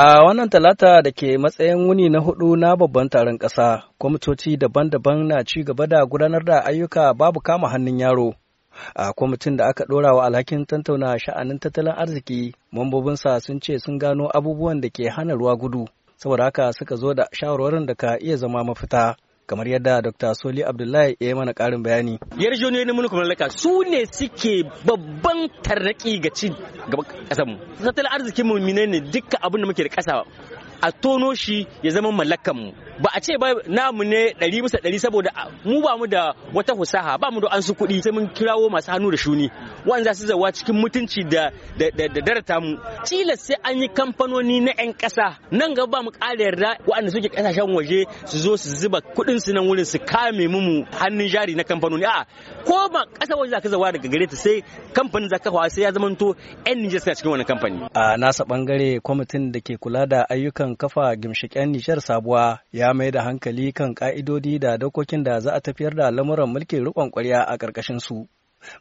A wannan talata da ke matsayin wuni na hudu na babban taron ƙasa, kwamitoci daban-daban na ci gaba da gudanar da ayyuka babu kama hannun yaro. A kwamitin da aka ɗora wa alhakin tantauna sha'anin tattalin arziki, mambobinsa sun ce sun gano abubuwan da ke hana ruwa gudu, saboda haka suka zo da shawarwarin da ka iya zama mafita. kamar yadda Dr. Soli Abdullahi ya yi mana karin bayani. ne mulkin mallaka su ne suke babban tarraki ga cin gaba ƙasarmu. Tattalin arzikin mu ne duka abin da muke da ƙasa a tono shi ya zama mallakan mu. ba a ce ba namu ne ɗari bisa ɗari saboda mu ba mu da wata husaha ba mu da an su kuɗi sai mun kirawo masu hannu da shuni za su zawa cikin mutunci da darata mu tilas sai an yi kamfanoni na 'yan ƙasa nan gaba ba mu ƙara yarda waɗanda suke ƙasashen waje su zo su zuba kuɗin su nan wurin su kame mu hannun jari na kamfanoni a ko ba ƙasa waje za ka zawa daga gare sai kamfanin za ka sai ya zamanto 'yan Nijar suna cikin wani kamfani. A nasa ɓangare kwamitin da ke kula da ayyukan kafa gimshiƙen Nijar sabuwa ya A mai da hankali kan ƙa'idodi da dokokin da za a tafiyar da lamuran mulkin riƙon ƙwarya a ƙarƙashin su.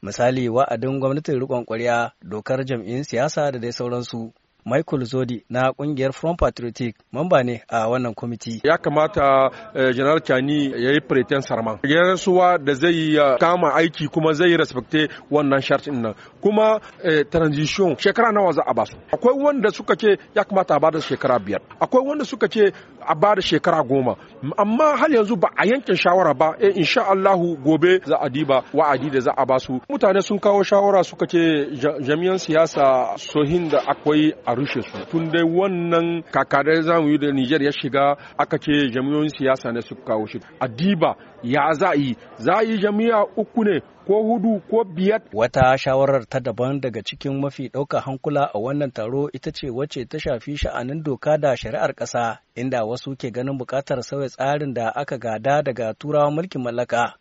Misali wa'adin gwamnatin riƙon ƙwarya, dokar jam'in siyasa da dai sauransu. Michael Zodi na kungiyar Front Patriotic mamba ne a wannan kwamiti. Ya kamata eh, General Chani ya yi pretend sarman. suwa da zai eh, kama aiki kuma zai respecte wannan shartin nan. Kuma eh, transition shekara nawa za a ba su. Akwai wanda suka ce ya kamata a bada shekara biyar. Akwai wanda suka ce a bada shekara goma. Amma har yanzu ba a yanke shawara ba. in insha Allahu gobe za a diba wa'adi da za a ba su. Mutane sun kawo shawara suka ce jami'an siyasa sohin da akwai a rushe su tun dai wannan kakadar zamu yi da Nijar ya shiga aka ce jami'oyin siyasa ne suka kawo shi adiba ya za yi za yi jami'a uku ne ko hudu ko biyar wata shawarar ta daban daga cikin mafi ɗaukar hankula a wannan taro ita ce wacce ta shafi sha'anin doka da shari'ar ƙasa inda wasu ke ganin buƙatar sauya tsarin da aka gada daga turawa mulkin mallaka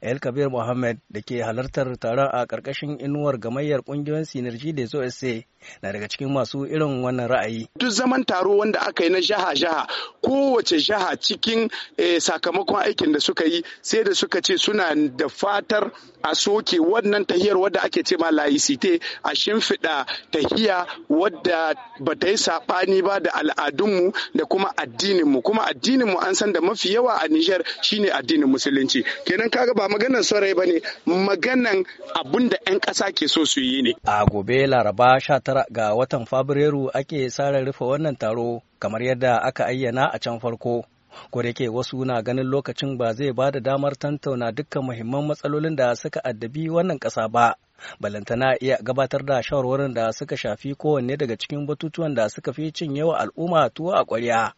El Kabir Mohammed da ke halartar taron a ƙarƙashin inuwar gamayyar ƙungiyoyin Sinirji da SOSA na daga cikin masu irin wannan ra'ayi. Duk zaman taro wanda aka yi na jaha-jaha kowace jaha cikin eh, sakamakon aikin da suka yi sai da suka ce suna da fatar a soke wannan tahiyar wadda ake ce ma site a shimfiɗa tahiya wadda ba ta yi saɓani ba da al'adunmu da kuma addininmu kuma addininmu an san da mafi yawa a Nijar shine addinin musulunci kenan kaga kaga ba maganan saurayi bane maganan abun da 'yan ƙasa ke so su yi ne a gobe laraba sha tara ga watan fabrairu ake sare rufe wannan taro kamar yadda aka ayyana a can farko ko da wasu na ganin lokacin ba zai ba da damar tantauna dukkan muhimman matsalolin da suka addabi wannan ƙasa ba balantana iya gabatar da shawarwarin da suka shafi kowanne daga cikin batutuwan da suka fi cin yawa al'umma tuwo a ƙwarya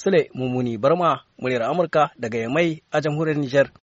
sule mummuni barma muryar amurka daga yamai a jamhuriyar Nijar.